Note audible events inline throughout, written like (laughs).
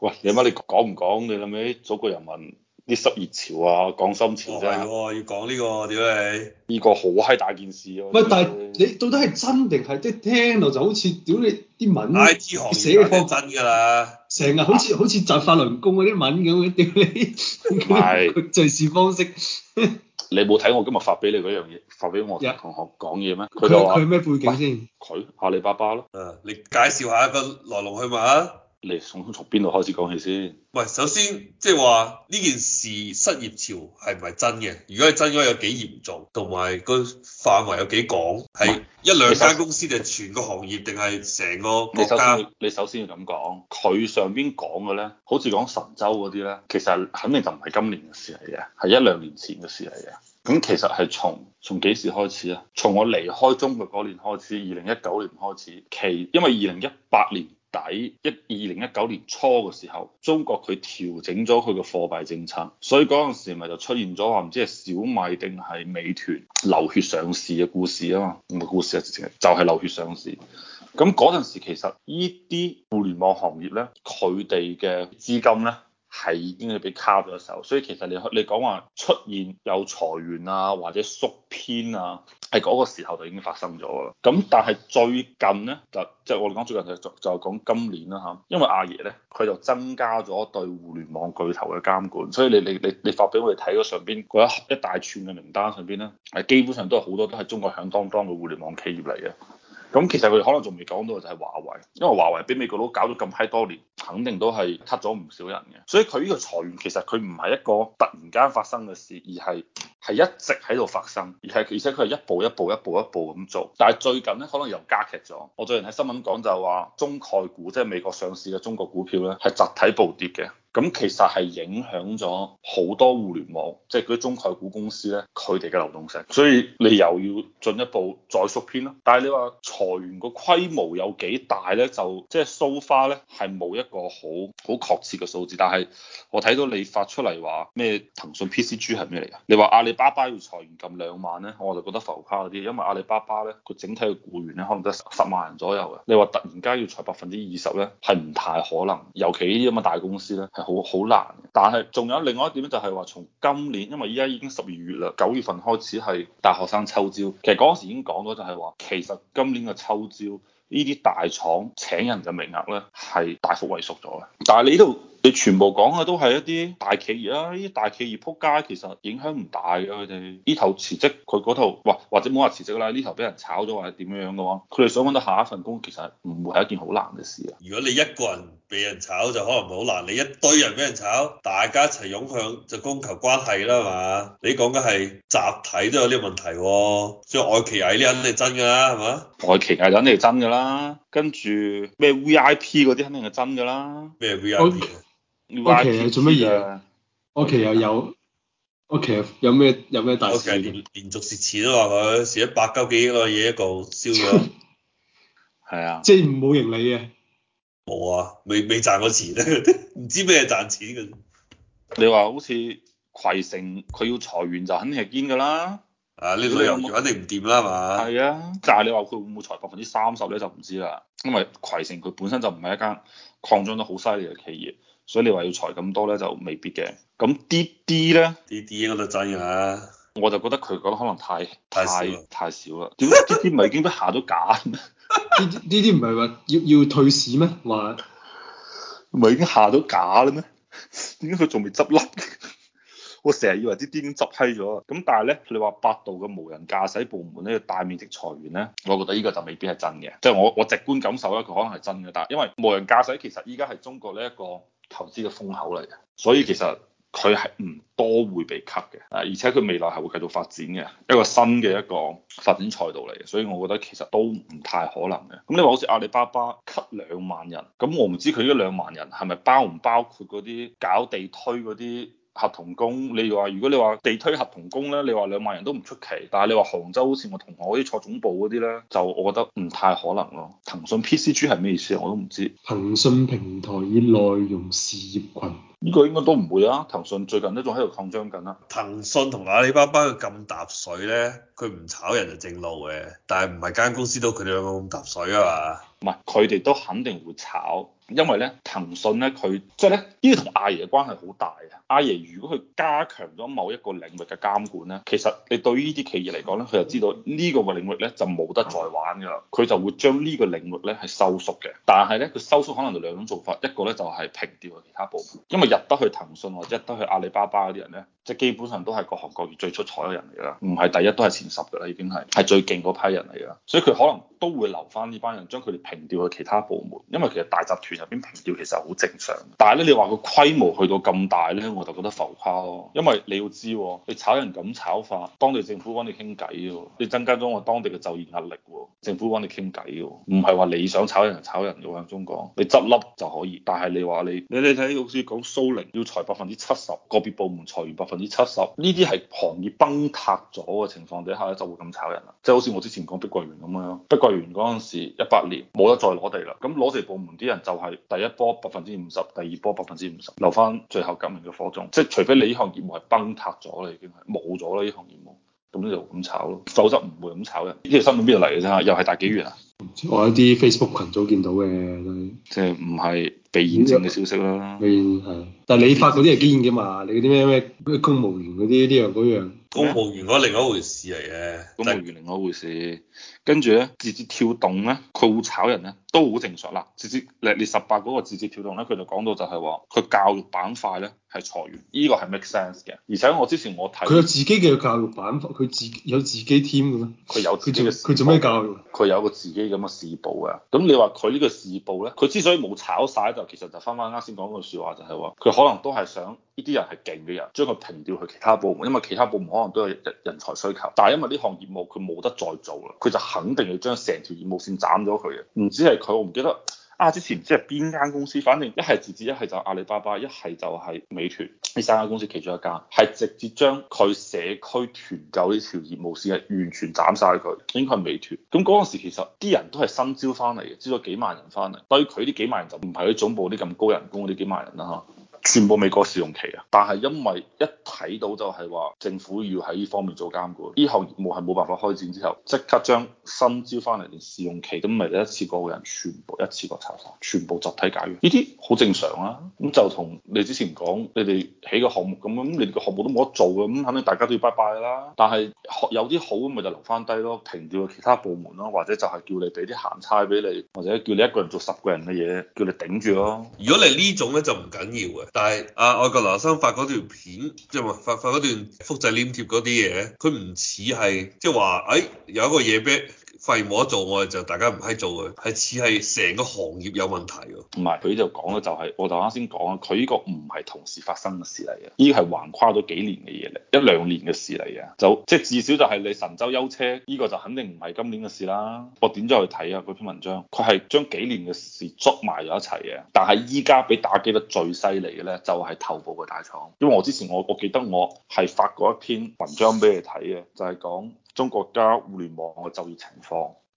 喂，你媽你講唔講？你諗起祖國人民啲濕熱潮啊講，講心潮啫。係要講呢、這個，屌你！呢個好嗨大件事啊。喂，但係你到底係真定係即係聽落就好似屌你啲文寫、啊，寫嘅方真噶啦，成日好似好似就法輪功嗰啲文咁屌你咁嘅敘事方式。 (laughs) 你冇睇我今日發俾你嗰樣嘢，發俾我啲同學講嘢咩？佢話佢咩背景先？佢阿里巴巴咯。嗯，你介紹下一個來龍去脈啊！你從從邊度開始講起先？喂，首先即係話呢件事失業潮係唔係真嘅？如果係真，咁有幾嚴重，同埋個範圍有幾廣？係是一兩間公司定係全個行業，定係成個國家你？你首先要咁講。佢上邊講嘅呢，好似講神州嗰啲呢，其實肯定就唔係今年嘅事嚟嘅，係一兩年前嘅事嚟嘅。咁其實係從從幾時開始咧？從我離開中國嗰年開始，二零一九年開始，其因為二零一八年。喺一二零一九年初嘅時候，中國佢調整咗佢嘅貨幣政策，所以嗰陣時咪就出現咗話唔知係小米定係美團流血上市嘅故事啊嘛，個故事係直情就係流血上市。咁嗰陣時其實呢啲互聯網行業咧，佢哋嘅資金咧，係已經係被卡咗手，所以其實你你講話出現有裁員啊，或者縮編啊，係嗰個時候就已經發生咗啦。咁但係最近咧就即係、就是、我哋講最近就就係講今年啦嚇，因為阿爺咧佢就增加咗對互聯網巨頭嘅監管，所以你你你你發俾我哋睇嗰上邊嗰一一大串嘅名單上邊咧，係基本上都係好多都係中國響當當嘅互聯網企業嚟嘅。咁其實佢哋可能仲未講到就係華為，因為華為俾美國佬搞咗咁閪多年，肯定都係 cut 咗唔少人嘅。所以佢呢個裁員其實佢唔係一個突然間發生嘅事，而係係一直喺度發生，而係而且佢係一步一步、一步一步咁做。但係最近呢，可能又加劇咗。我最近喺新聞講就話，中概股即係、就是、美國上市嘅中國股票呢，係集體暴跌嘅。咁其實係影響咗好多互聯網，即係嗰啲中概股公司咧，佢哋嘅流動性。所以你又要進一步再縮編咯。但係你話裁員個規模有幾大咧？就即係 so far 咧，係冇一個好好確切嘅數字。但係我睇到你發出嚟話咩騰訊 PCG 係咩嚟㗎？你話阿里巴巴要裁員咁兩萬咧，我就覺得浮誇啲，因為阿里巴巴咧佢整體嘅僱員咧可能得十萬人左右嘅。你話突然間要裁百分之二十咧，係唔太可能，尤其呢啲咁嘅大公司咧。好好難，但係仲有另外一點咧，就係話，從今年因為依家已經十二月啦，九月份開始係大學生秋招，其實嗰陣時已經講咗，就係話其實今年嘅秋招。呢啲大廠請人嘅名額咧，係大幅萎縮咗嘅。但係你呢度，你全部講嘅都係一啲大企業啦，呢啲大企業仆街，其實影響唔大嘅。佢哋呢頭辭職，佢嗰頭，喂，或者冇話辭職啦，呢頭俾人炒咗或者點樣嘅話，佢哋想搵到下一份工，其實唔會係一件好難嘅事啊。如果你一個人俾人炒就可能好難，你一堆人俾人炒，大家一齊湧向就供求關係啦嘛。你講緊係集體都有啲問題，啊，所以愛奇藝呢啲人係真噶啦，係嘛？愛奇藝呢人係真噶啦。啦，跟住咩 V I P 嗰啲肯定係真噶啦。咩 V I P？V I P 做乜嘢啊？O K 又有？O、okay, K 有咩有咩大事？O、okay, K 連連續蝕錢啊嘛佢蝕一百九幾億個嘢一個燒咗，係 (laughs) (laughs) 啊。即係唔好盈利啊？冇啊，未未賺過錢啊，唔 (laughs) 知咩賺錢嘅。你話好似攜程佢要裁員就肯定係堅噶啦。啊！呢度嘅旅遊業肯定唔掂啦，係嘛？係啊，但係你話佢會唔會裁百分之三十咧就唔知啦，因為攜程佢本身就唔係一間擴張得好犀利嘅企業，所以你話要裁咁多咧就未必嘅。咁滴滴咧？滴滴嗰度真噶，我就覺得佢講可能太太太少啦。點解滴滴唔係已經下咗架呢啲唔係話要要退市咩？話 (laughs) 咪 (laughs) 已經下咗架啦咩？點解佢仲未執笠？我成日以為啲啲已經執閪咗咁但係呢，你話百度嘅無人駕駛部門咧大面積裁員呢，我覺得呢個就未必係真嘅。即係我我直觀感受咧，佢可能係真嘅，但係因為無人駕駛其實依家係中國呢一個投資嘅風口嚟嘅，所以其實佢係唔多會被 cut 嘅，而且佢未來係會繼續發展嘅一個新嘅一個發展賽道嚟嘅，所以我覺得其實都唔太可能嘅。咁你話好似阿里巴巴 cut 兩萬人，咁我唔知佢依兩萬人係咪包唔包括嗰啲搞地推嗰啲？合同工，你話如果你話地推合同工咧，你話兩萬人都唔出奇。但係你話杭州好似我同學嗰啲坐總部嗰啲咧，就我覺得唔太可能咯。騰訊 PCG 係咩意思啊？我都唔知。騰訊平台以內容事業群，呢個應該都唔會啊。騰訊最近都仲喺度擴張緊啊。騰訊同阿里巴巴佢咁搭水咧，佢唔炒人就正路嘅，但係唔係間公司都佢哋兩個咁搭水啊嘛？唔係，佢哋都肯定會炒。因為咧，騰訊咧佢即係咧，就是、呢啲同阿爺嘅關係好大啊！阿爺如果佢加強咗某一個領域嘅監管咧，其實你對於呢啲企業嚟講咧，佢就知道呢個領域咧就冇得再玩㗎啦，佢就會將呢個領域咧係收縮嘅。但係咧，佢收縮可能就兩種做法，一個咧就係、是、平掉其他部分，因為入得去騰訊或者入得去阿里巴巴啲人咧。即基本上都係各行各業最出彩嘅人嚟啦，唔係第一都係前十嘅啦，已經係係最勁嗰批人嚟啦。所以佢可能都會留翻呢班人，將佢哋平調去其他部門，因為其實大集團入邊平調其實好正常。但係咧，你話個規模去到咁大咧，我就覺得浮誇咯。因為你要知，你炒人咁炒法，當地政府幫你傾偈喎，你增加咗我當地嘅就業壓力喎，政府幫你傾偈喎，唔係話你想炒人炒人嘅喺中國，你執笠就可以但你你。但係你話你你你睇好似講蘇寧要裁百分之七十個別部門裁完百百分之七十呢啲係行業崩塌咗嘅情況底下咧，就會咁炒人啦。即係好似我之前講碧桂園咁樣，碧桂園嗰陣時一百年冇得再攞地啦。咁攞地部門啲人就係第一波百分之五十，第二波百分之五十，留翻最後革命嘅火種。即係除非你呢項業務係崩塌咗啦，你已經冇咗啦呢項業務，咁就咁炒咯。否則唔會咁炒人。呢條新聞邊度嚟嘅啫？又係大紀元啊？我一啲 Facebook 群組見到嘅，即係唔係被驗證嘅消息啦。被係、嗯，嗯、但係你發嗰啲係堅嘅嘛？嗯、你嗰啲咩咩咩公務員嗰啲，呢樣嗰樣。樣公務員，我另外一回事嚟嘅。嗯、公務員，另外一回事。跟住咧，字節跳動咧，佢會炒人咧，都好正常啦。字節裂裂十八嗰個字節跳動咧，佢就講到就係話，佢教育板塊咧係裁員，呢、這個係 make sense 嘅。而且我之前我睇過佢有自己嘅教育板塊，佢自有自己 team 嘅，佢有佢做佢做咩教育？佢有個自己咁嘅事業部嘅。咁、嗯嗯、你話佢呢個事業部咧，佢之所以冇炒晒，就其實就翻翻啱先講嗰句説話就說，就係話佢可能都係想呢啲人係勁嘅人，將佢平調去其他部門，因為其他部門可能都有人才需求，但係因為呢項業務佢冇得再做啦，佢就。肯定要將成條業務線斬咗佢嘅，唔知係佢，我唔記得啊。之前唔知係邊間公司，反正一係直接，一係就阿里巴巴，一係就係美團，呢三間公司其中一間，係直接將佢社區團購呢條業務線係完全斬晒佢，應該係美團。咁嗰陣時其實啲人都係新招翻嚟嘅，招咗幾萬人翻嚟，對佢呢幾萬人就唔係佢總部啲咁高人工嗰啲幾萬人啦嚇。全部未過試用期啊！但係因為一睇到就係話政府要喺呢方面做監管，呢項業務係冇辦法開展之後，即刻將新招翻嚟連試用期，咁咪一次過個人全部一次過炒晒，全部集體解約。呢啲好正常啊！咁就同你之前講，你哋起個項目咁樣，你哋個項目都冇得做嘅，咁肯定大家都要拜拜啦。但係有啲好咪就留翻低咯，停掉其他部門咯，或者就係叫你俾啲閒差俾你，或者叫你一個人做十個人嘅嘢，叫你頂住咯。如果你呢種咧，就唔緊要嘅。但係啊，外國留學生發嗰條片，即係話發發嗰段複製黏貼嗰啲嘢，佢唔似係即係話誒有一個嘢啤。廢冇得做，我哋就大家唔喺做佢，係似係成個行業有問題喎。唔係佢就講啦，就是，就係我頭啱先講啊，佢呢個唔係同時發生嘅事嚟嘅，依係橫跨咗幾年嘅嘢嚟，一兩年嘅事嚟啊，就即係至少就係你神州優車，呢、這個就肯定唔係今年嘅事啦。我點咗去睇啊，嗰篇文章，佢係將幾年嘅事捉埋咗一齊嘅，但係依家俾打擊得最犀利嘅呢，就係、是、頭部嘅大廠，因為我之前我我記得我係發過一篇文章俾你睇嘅，就係、是、講中國家互聯網嘅就業情況。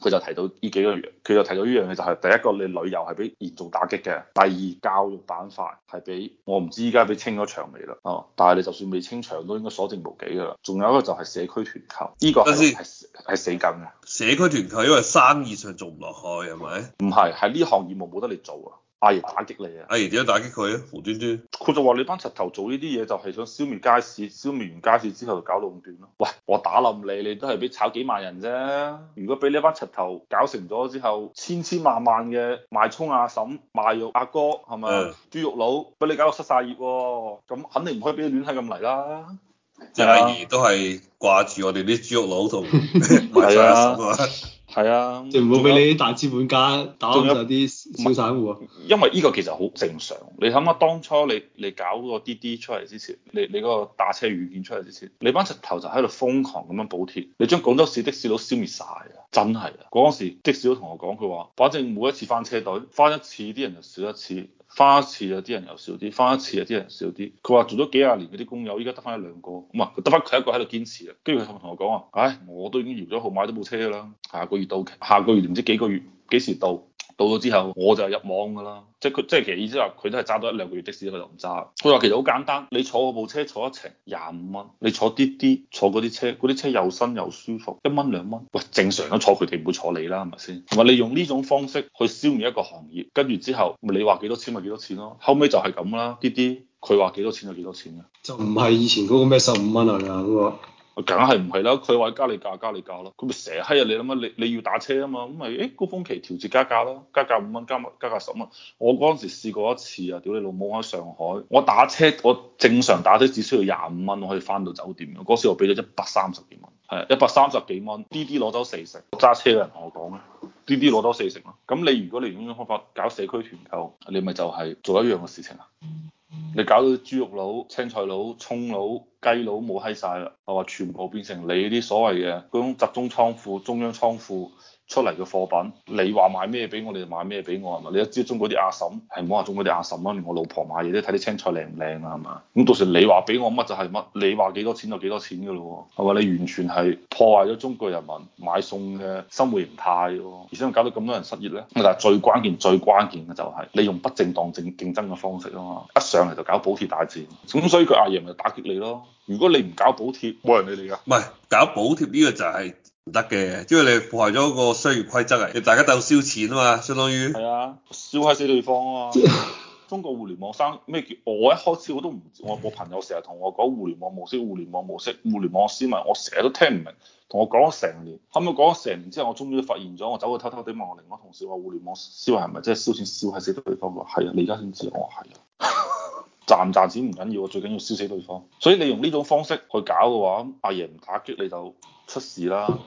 佢、哦、就提到呢幾個月，佢就提到呢樣嘢就係第一個，你旅遊係俾嚴重打擊嘅，第二，教育板塊係俾我唔知依家俾清咗場未啦。哦，但係你就算未清場都應該所剩無幾㗎啦。仲有一個就係社區團購，呢、呢個係係是死梗嘅。社區團購因為生意上做唔落去係咪唔係，係呢項業務冇得你做啊。阿爺打擊你啊！阿爺點樣打擊佢啊？胡端端，佢就話你班柒頭做呢啲嘢就係想消滅街市，消滅完街市之後就搞壟斷咯。喂，我打冧你，你都係俾炒幾萬人啫。如果俾呢班柒頭搞成咗之後，千千萬萬嘅賣葱阿、啊、嬸、賣肉阿、啊、哥係咪？是是嗯、豬肉佬俾你搞到失晒業，咁肯定唔可以俾你亂係咁嚟啦。阿爺、嗯啊、都係掛住我哋啲豬肉佬同賣菜係啊，你唔會俾你啲大資本家打中咗啲小散戶啊。因為呢個其實好正常。你諗下，當初你你搞個滴滴出嚟之前，你你嗰個打車軟件出嚟之前，你班柒頭就喺度瘋狂咁樣補貼，你將廣州市的士佬消滅晒啊！真係啊，嗰陣時的士佬同我講，佢話：反正每一次翻車隊，翻一次啲人就少一次。花一次啊，啲人又少啲；花一次啊，啲人少啲。佢話做咗幾廿年嗰啲工友，依家得返一兩個。咁啊，得返佢一個喺度堅持啊。跟住佢同我講話：唉，我都已經搖咗號，買咗部車啦。下個月到期，下個月唔知幾個月幾時到。到咗之後，我就入網噶啦，即係佢即係其實意思話，佢都係揸多一兩個月的士，佢就唔揸。佢話其實好簡單，你坐嗰部車坐一程廿五蚊，你坐滴滴坐嗰啲車，嗰啲車又新又舒服，一蚊兩蚊，喂，正常都坐佢哋唔會坐你啦，係咪先？同埋你用呢種方式去消滅一個行業，跟住之後，咪你話幾多錢咪幾多錢咯。後尾就係咁啦，滴滴佢話幾多錢就幾多錢嘅，啊，就唔係以前嗰個咩十五蚊啊嗰個。梗係唔係啦，佢話加你價加你價咯，佢咪成日閪啊！你諗啊，你你要打車啊嘛，咁咪誒高峰期調節加價咯，加價五蚊，加加價十蚊。我嗰陣時試過一次啊，屌你老母喺上海，我打車我正常打車只需要廿五蚊，我可以翻到酒店。嗰時我俾咗一百三十幾蚊，係一百三十幾蚊，滴滴攞走四成。揸車嘅人同我講咧，滴滴攞走四成咯。咁你如果你用呢種方法搞社區團購，你咪就係做一樣嘅事情啊。你搞到豬肉佬、青菜佬、蔥佬、雞佬冇閪晒啦！係話全部變成你啲所謂嘅嗰種集中倉庫、中央倉庫。出嚟嘅貨品，你話買咩俾我，你就買咩俾我係嘛？你一招中嗰啲阿嬸，唔好話中嗰啲阿嬸咯。連我老婆買嘢都睇啲青菜靚唔靚啊，係嘛？咁到時你話俾我乜就係乜，你話幾多錢就幾多錢噶咯喎，係嘛？你完全係破壞咗中國人民買餸嘅生活形態咯，而且搞到咁多人失業咧。咁但係最關鍵、最關鍵嘅就係、是、你用不正當競競爭嘅方式啊嘛，一上嚟就搞補貼大戰，咁所以佢阿爺咪打擊你咯。如果你唔搞補貼，冇人理你噶。唔係搞補貼呢個就係、是。唔得嘅，因為你破壞咗個商業規則啊！你大家鬥燒錢啊嘛，相當於係啊，燒喺死對方啊嘛。 (laughs) 中國互聯網生咩叫？我一開始我都唔，我我朋友成日同我講互聯網模式、互聯網模式、互聯網思維，民我成日都聽唔明，同我講咗成年，後尾講咗成年之後我終於，我終於發現咗，我走去偷偷地望我另外同事話，互聯網思維係咪即係燒錢燒喺死對方噶？係啊，你而家先知我係啊，賺唔賺錢唔緊要，最緊要燒死對方。所以你用呢種方式去搞嘅話，阿爺唔打擊你就出事啦。